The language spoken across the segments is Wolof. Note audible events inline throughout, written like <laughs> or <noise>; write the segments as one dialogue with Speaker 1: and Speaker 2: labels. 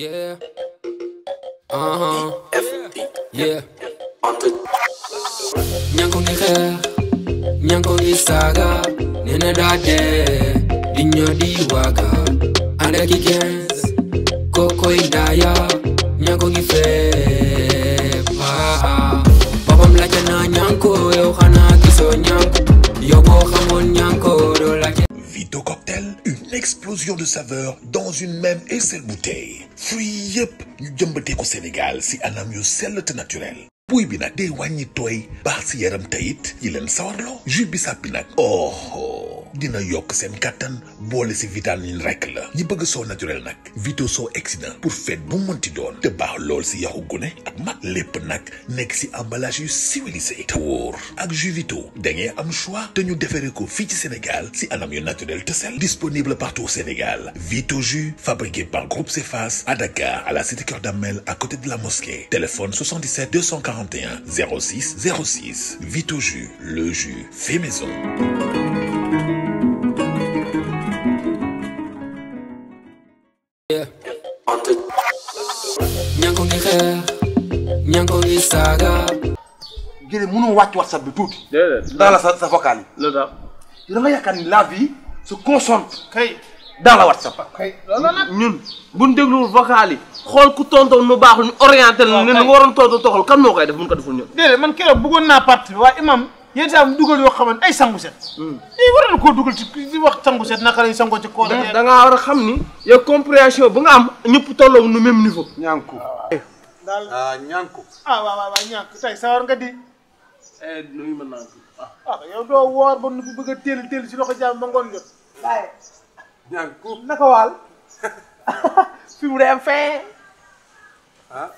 Speaker 1: Yeah. Uh-huh. Yeah. Nyanko ni khe, nyanko ni saga, nene dade, dinyo diwaga, ande kikens, koko indaya, nyanko ni fe, pa. Papa mlacha na nyanko, yo khana kiso nyanko, yo bo khamon nyanko. explosion de saveur dans une même et seule bouteille fruits yi jambon ñu jëmbatee ko Sénégal si anam yu sell naturel buy bi nag day wàññi tooy baax si yaram tayit yi leen sawarloo oh. oh dina yok sen katan boole si vitamine rek la ñi bëgg so naturel nak vito soo accident pour fête bu monti doon te baax lool si yaxu gune ak mag lépp nak nek si emballage yu civilisé tour ak jus vito da am choix te ñu déféré ko fi ci Sénégal si anam yu naturel te sel disponible partout au Sénégal vito jus fabriqué par Groupe Cefas à Dakar à la cité cœur Damel à côté de la mosquée téléphone 77 241 06 06 vito jus le jus fait maison
Speaker 2: ña ngi ko ngi xeex ña ngi ko ngi saaga. jërë mënoo wàcc whatsapp bi tuuti. déedéet dans la sa sa vocal yi. loolu daal yow da nga yaakaar ni la vie se concentre kay dans la whatsapp. kay loolu nag ñun bu ñu dégluwul vocal yi. xool ku tontoon nu baaxul ñu orienté leen. waaw kay ne nu waroon tontu toxal kan moo koy def mun ko deful ñun. déedéet man keroog bëggoon naa parti waaye imam. yenn saa dugal yoo xamante ay sangu set. Hmm. lii waral ko duggal ci di wax sangu set naka lay sangu ci kóol da nga wara xamni ya compréhension bu nga am ñëpp tolo nu même niveau. ñànku daal ah ñànku. ah wa ñanku tay sa war nga di. eh nuy mëna ah, ah yow do wor bu nu bëgg a teel teel ci loxo jaam ba ngon jot. tay ñanku naka wal <laughs> fi mu am ah.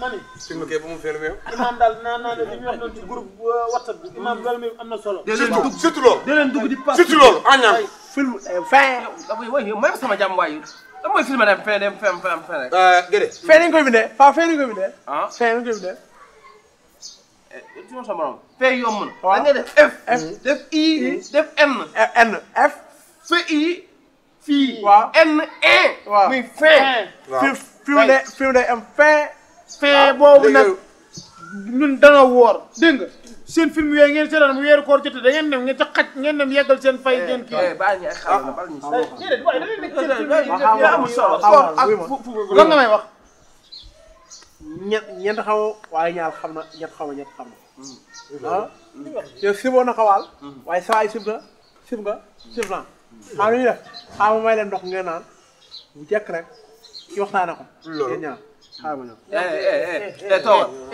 Speaker 2: mani suñu kay bu mu fermé imaam daal naa naa ne li ñu wax noonu ci groupe euh, whatsapp bi imaam loolu mi am na solo de leen dugg surtout loolu de leen dugg di pas surtout loolu añaan film euh, fin way may sama jàmm waay lan mooy film dem fin dem fin fin fin rek euh, gëdé fin dañ koy bindee fa fin dañ koy bindee ah fin dañ koy bindee ci eh, mo sa morom fin yomb na ah. da nga def f def i def n n f fi fii waaw n e muy fin fiw day fiw day am fin. fin ah, boobu nag ñun dana woor dégg nga seen film yooyu ngeen seetaan mu weeru koor jotee da ngeen dem ngeen ca xaj ngeen dem yeggal seen fay ngeen eh, kii. Eh, baal ñu ay xaar ah. baal ñu lan eh, nga may wax. ñett ñeent xaw waaye ñaar xam na ñett xaw ñett xam na. Hmm. ah yow siboon na xawaal. Hmm. waaye saa yu sib nga sib nga sib naa. xam nga lu ñuy def xam nga may leen ndox ngeen naan bu jekk rek. kii waxtaanee ko. loolu yéen ñaar xaaral ma ñëw.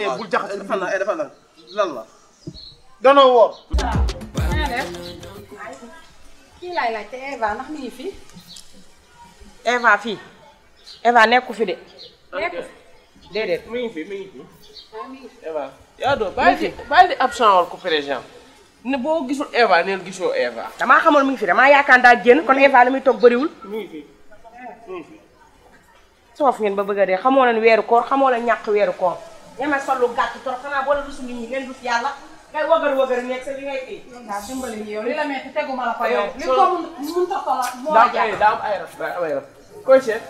Speaker 2: eh bul jaxase defal na defal na lan la. danoo woor. kii laay laajte Eva ndax mi ngi fi. Eva fii. Eva nekku fi de. nekku fi déedéet mi ngi fi mi ngi fi. Eva yaa doo bàyyi di bàyyi di absent wal ko président ne boo gisul Eva neen gisoo Eva. damaa xamoon mi ngi fi damaa yaakaar daal génn kon Eva la muy toog bëriwul. mi ngi fi mi ngi fi. soof ngeen ba bëgg a dee xamoo leen weeru koor xamoo leen ñàkk weeru koor sol lu gàtt trop xanaa boo la rus nit leen rus yàlla ngay wagar wagar nekk sa li ngay kii. waaw dimbali yow li la metti ko yow. li ta soxla moo la jàpp daa am ay raf daa am ay raf koy seet.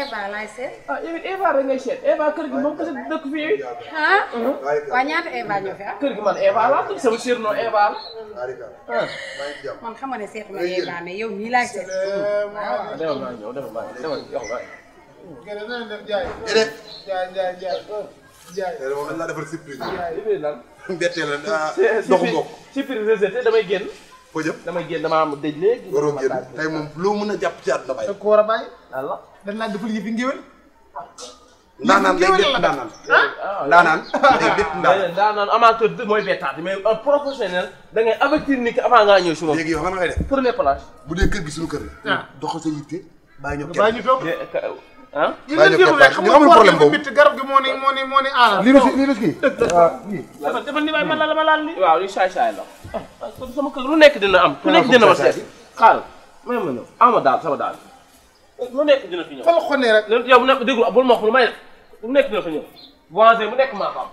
Speaker 2: Eva laay seet. ah yow it Eva rek ngay seet Eva kër gi moom kese dëkk fii. ah. waa ñaata Eva ñoo fi am. kër gi man Eva laa tudd sama surnom Eva la. gerte na def jaay. jërëjëf jaay jaay jaay jaay. tey moom dañ laa defal surprise. jaay lan. mbetteel la ah ndoxu mbokk. damay génn. foo damay génn damaa am dëj léegi. waroo génn tey moom loo mën a jàpp ci àdduna bay. ko war a bàyyi. alors dañ laa defal yëfi ngéwél. ndaanaan day bett ndaanaan. ndaanaan bi mooy bettaat mais un professionnel da ngay avertir nit ki avant ngaa ñëw si moom. léegi yow xam nga ngay def. premier place. bu dee kër gi suñu kër la. doxal sa yitte bàyyi ñu toog ah ñu amul problème boobu garab gi moo ni moo ni moo ni aar. lii la si lii la si <laughs> ah, waaw lii. dafa dafa ni man la dama laal lii. waaw li saay saay la. ah sama kër lu nekk dina am. ku nekk dina ma seet xaaral ma ne ma ñëw ama daal sama daal. lu nekk dina fi ñëw. fa la xonnee rek. yow bu nekk déglu bul ma wax lu may def. lu nekk dina fi ñëw. bu nekk maa ko am.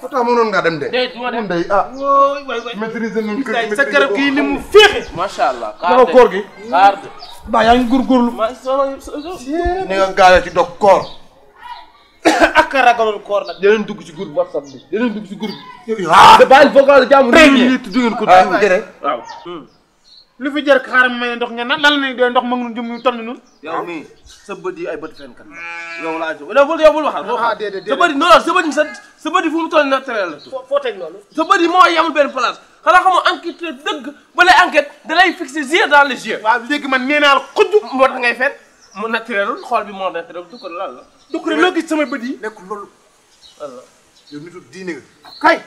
Speaker 2: Fata mënoon ngaa dem de. de moom de ah. waay waay maîtriser nañ ko sa garab gii ni mu féexe. macha allah kaar koor gi. kaar de. ba yaa ngi góorgóorlu. ma soo soo. ni nga gaawee ci dog koor. <coughs> ak a ragaloon koor nag. dinañ dugg ci groupe whatsapp bi dinañ dugg ci groupe bi. ah te bàyyi vocal jàmm. réew mi du ngeen ko déglu ah, waaw. Hmm. lu fi jar xaaral may ndox ngeen naan lan la ndox mag nu jum ñu tonn nun yow mii sa bët yi ay bët fenkat yow laa jóg yow yow bul waxal ah, sa bët yi non sa bët yi sa sa bët mu la foo teg loolu sa bët yi moo yamul benn place xanaa xamoo enquête dëgg ba lay enquête da lay fixer yeux dans le yeux waaw léegi man nee naa la xujj moo tax ngay fet mu naturelul xool bi moo naturel dukkar lan la dukkar loo gis sama bët yi nekk loolu yow nitu kay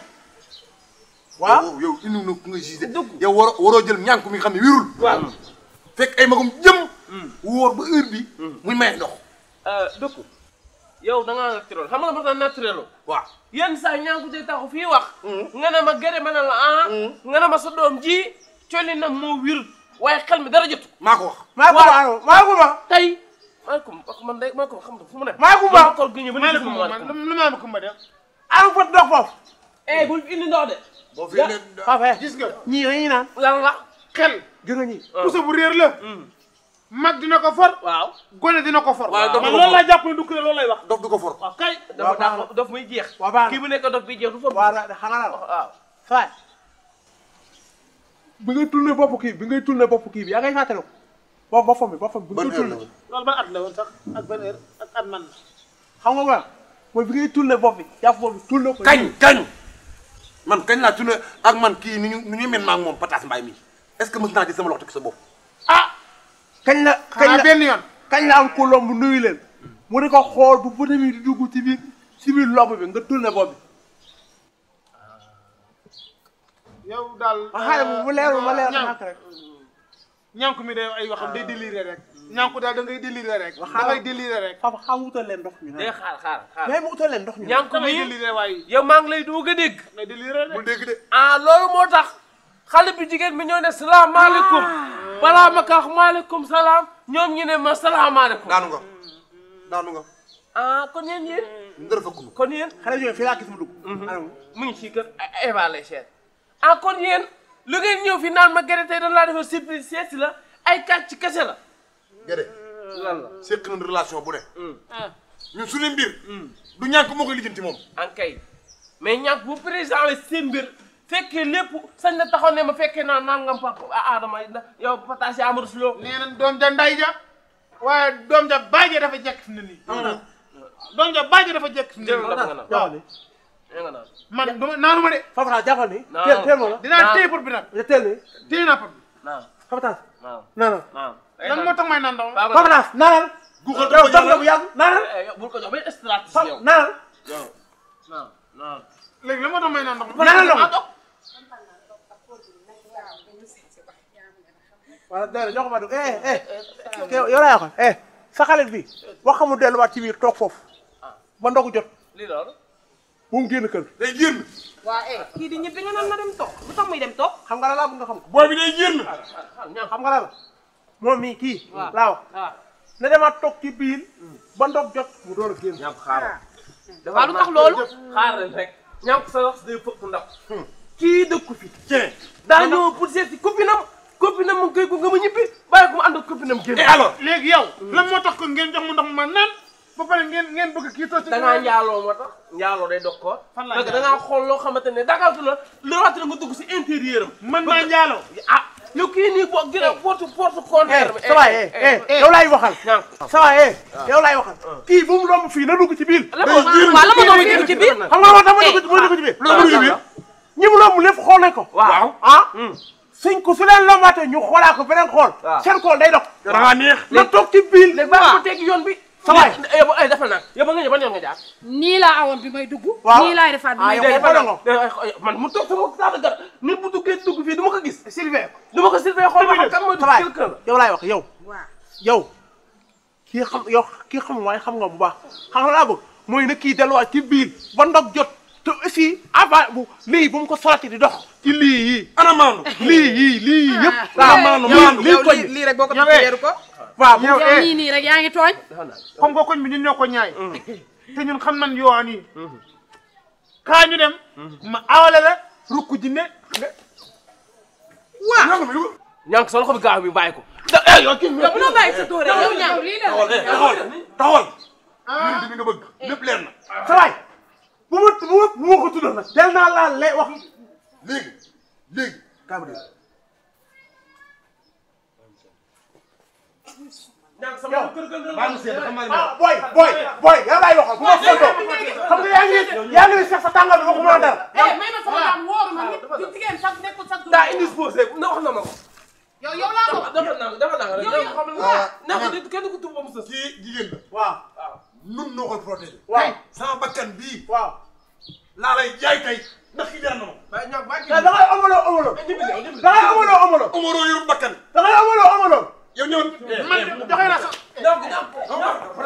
Speaker 2: waaw ini indi na ku nga gisee. dëgg yow waroo waroo jël ñànk mi nga xam ne wérul. waaw mm. fekk ay magum jëm. Mm. wóor ba heure bi mm. muy may ndox. Euh, dëkk yow da ngaa naturel xam nga ma da naturel la. waaw yenn saa ñànku day taxu fii wax. nga ne ma gërëm na la ah. nga ne ma sa ne. maa ko wax maa ko wax maa ko wax maa ko wax maa ko wax maa boo fi leen gis nga ñii dañuy naan lan la xel gën a ah. ñii puso bu réer la hmm. mag dina ko for waaw gone dina ko for man loolu laa jàpp ne du kuréel loolu lay wax dof du ko for waaw kay dafa daa dof muy jeex waaw baax kii bu nekk dof bi jeex du for waaw xanaa waaw faay bi ngay tourné bopp kii bi ngay tourné bopp kii bi yaa ngay fàttaliku boobu boppam bi boppam bi ngay tourné loolu ban at la woon sax ak ban heure ak at man xam nga quoi mooy bi ngay tourné bopp bi jàpp boobu tourné ko kañ kañ man kañ laa tuna ak man kii ni ñu ni ñu ma ak moom pataas mbaay mi est-ce que mës naa ci sama loxo teg sa bopp. ah. kañ la kañ la benn yoon kañ la am ku lomb mu di ko xool bu bëtam yi ci biir ci biir lomb bi nga tourné bopp bi. yow daal. ma xaaral bu leerul euh, ma leerul nànk rek. ñànk mi day ay waxam day déliré rek. ñànku daal da ngay déliré rek. da ngay déliré rek. papa xaar mu utal leen ndox mi. day xaar xaar xaar mais mu utal leen ndox mi. ñànku bi déliré waaye. yow maa ngi lay doog a dégg. nga déliré rek bul dégg de. ah loolu moo tax xale bi jigéen bi ñoo ne salaamaaleykum. Ah. balaa ma kaax maaleykum salaam ñoom ñu ne ma salaamaaleykum. daanu nga daanu nga. ah kon yéen yéen. ndër fa kunu kon yéen. xale yooyu fii laa gis mu dugg. Mhm. alors mu ngi ci kër Eva lay seet. ah kon yéen lu ngeen ñëw fi naan ma gerte tey dañ laa defal surprise seet la ay kàcc kese la gëdë lan la seq nañ relation bu ne hmm. ah. ñun suñu mbir hmm. du ñàkk moo koy lijjanti moom ankay mais ñàkk bu président la seen mbir fekkee lépp sañ na taxaw ne ma fekke naa nangam papa ah, Adama yow pataas yi amul sulo nee na doom ja nday ja waaye doom ja bàyyi dafa jekk fi ne nii doom ja bàyyi dafa jekk fi ne nii man duma naanu ma de Fapal jàppal ni teel teel ma la dinaa téye pot bi nag teel ni téye naa pot bi Fapal waaw eh, naanal. lan moo tax may naan doomu. Papa Nas naanal.
Speaker 1: guuxal ko jox la bu yàgg naanal.
Speaker 2: Eh, bul ko jox benn stratégie yow naanal. naanal. léegi lan moo tax may naan doomu. naanal doomu. wala déedéet jox ko ma dugg eh eh yow laa ko eh sa xalit bi wax ko mu delluwaat ci biir toog foofu ah. ba ndogu jot. lii loolu. bu mu génn kër day génn. waa eh kii di ñibbi nga naan na dem toog bu tax muy dem toog xam nga la laa bëgg nga xam. booy bi day génn. xam nga la la moom mii kii. waaw laaw na demaat toog ci biir ba ndox jot mu door a génn. ñàkk xaaral ah. dafa lu tax loolu. xaaral rek ñàkk sa wax day fëkk ndax. Hmm. kii dëkku fi. tiens daa ñëw mu ngi koy gunge ma ñibbi bàyyi ko mu ànd ak copinam génn. et eh, alors léegi yow. Hmm. lan moo tax ko ngeen jox mu ndox ma naan. ba pare ngeen ngeen bëgg kii toog ci. da ngaa njaaloo moo tax njaaloo day dog ko. fan laa njaaloo da ngaa xool loo xamante ne daggaltu la rawatina nga dugg si intérieur am. man maa njaaloo ah. yow kii nii boo gën a porte porte contraire. eh sawa eh, eh, eh, eh yow laay waxal. sawa eh yow laay waxal. Ah. kii bu mu romb fii na dugg ci biir. la ma dugg ci biir. xam nga ma dugg ci biir. la ma dugg ci biir. ñi mu romb lépp xool nañ ko. waaw ah. Hmm. Hmm. suñ ko su leen lombaatee ñu xoolaa ko beneen xool. waaw seen xool day dox. da ngaa neex. na toog ci biir. léegi ba ko teg yoon bi. sa waay yow ay defal naa yow ba nga ñëw ban nga jaar. nii laa awoon bi may dugg. waaw nii laay defaat bi may ah, dugg eh, eh, eh, man mu toog sama taatu gar nit bu duggee dugg ko gis. Sylvain du ma ko Sylvain xool ma xam la yow laay wax yow. waaw yow kii xam yow kii xam waaye xam nga bu baax xam nga laa bëgg mooy na kii delluwaat ci biir ba ndog jot te aussi avant bu lii bu mu ko solati di dox. ci lii yii ana maandu. lii yii lii yëpp. waaw ah. maandu maandu lii lii rek boo ko ko. paa yow eh. nii nii yaa ngi tooñ. comme que koñ bi ñun ñoo ko ñaay. Mm. te ñun xam nañ yoon yi. Mm. kaa ñu dem. Mm. ma awale la rukku jinne nga. waaw ñànk solo xobi gaaw bi bàyyi ko. eh yow kii bi yow munoo bàyyi sa tóore yow ñànk lii la taxawal eh, ah. eh. leer na. sa waay bu ma bu lay wax yow baanu seet ah booy booy booy yaa ngi lay waxal bu ma fontoo xam yaa ngi yaa ngi sax sa tàngoor bi waxuma na wax na ma ko. yow yow laa ko dafa nang dafa nang rek yow mu sës. kii jigéen la. waaw waaw ah. nun noo koy protégé. sama bakkan bii. waaw jaay tey ndax ki jar na ma. waaye eh, ñoom da ngay amaloo eh, amaloo. da ngay amaloo amaloo. amaloo yow ñëwoon. man de joxe naa sax. donc donc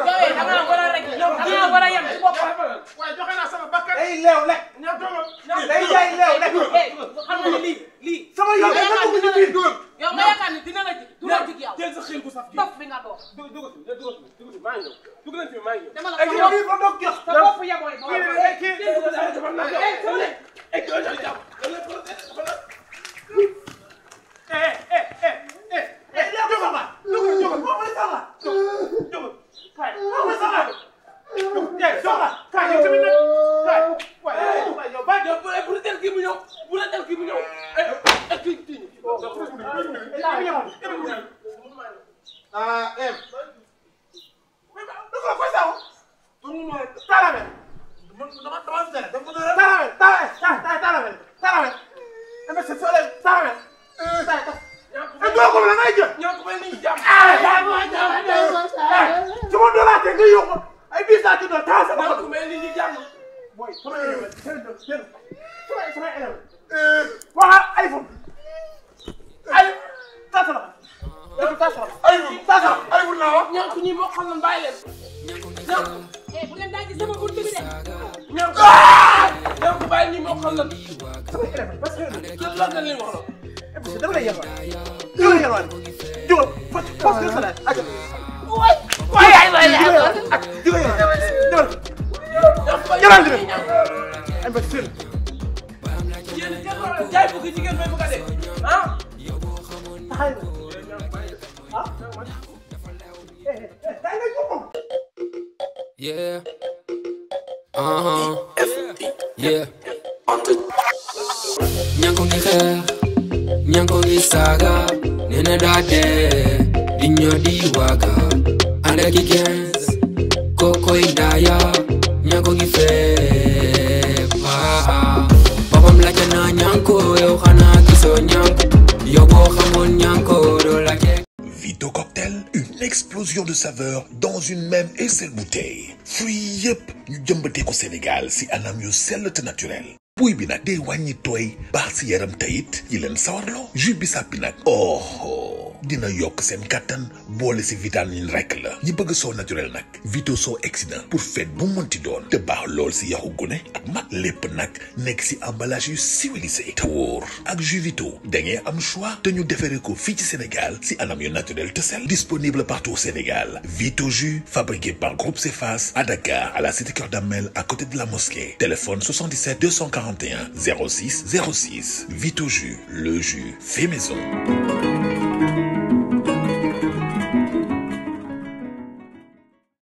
Speaker 2: si soo leen eh. saa weel. saa tas. ñoo ko eh, ko ngay jël. ñoo ko mel ni ñu jàpp. Ah, eh, su ma doolaatee nga yóbbu ay biir saa ci doon taal sama xol. ñoo ko mel ni ñu jàpp. mooy sama élève seen doon seen sama élève. waxal iPhone. ay tas la. dëgg tas la. iPhone tas la iPhone laa wax. ñoo ko ñii moo xam ne bàyyi leen. ñoo ko. bu leen daa gis sama buntu bi de. ñoo ko. Ah! ñoo ko bàyyi ñii moo xam ne.
Speaker 1: Yeah. Uh huh. Yeah. faire nyankogi saga nene dade dinyo diwaga andaki 15 koko Idaya nyankogi fepa babam laca na nyanko yow xana nyanko yow nyanko Vito Cocktail, une explosion de saveur dans une même et seule bouteille. Fruits yep, ñu jëmbatee ko Sénégal si anam yu sell naturel buy bi nag day wàññi tooy baax si yaram tayit yi leen sawarloo jus bi oh dina yokk seen kàttan boole si vitamine rek la ñi bëgg so naturel nak vito so exsident pour fête bu monti doon te baax lool si yahu gune ak mag lépp nag si emballage yu civilisé te ak jus vito da am choix te ñu déféré ko fi ci Sénégal si anam yu naturel te sel disponible partout au Sénégal vito jus fabriqué par Groupe Cefas à Dakar à la cité Keur Damel à côté de la mosquée téléphone 77 240 41 06 06. Vite au jus, le jus fait maison.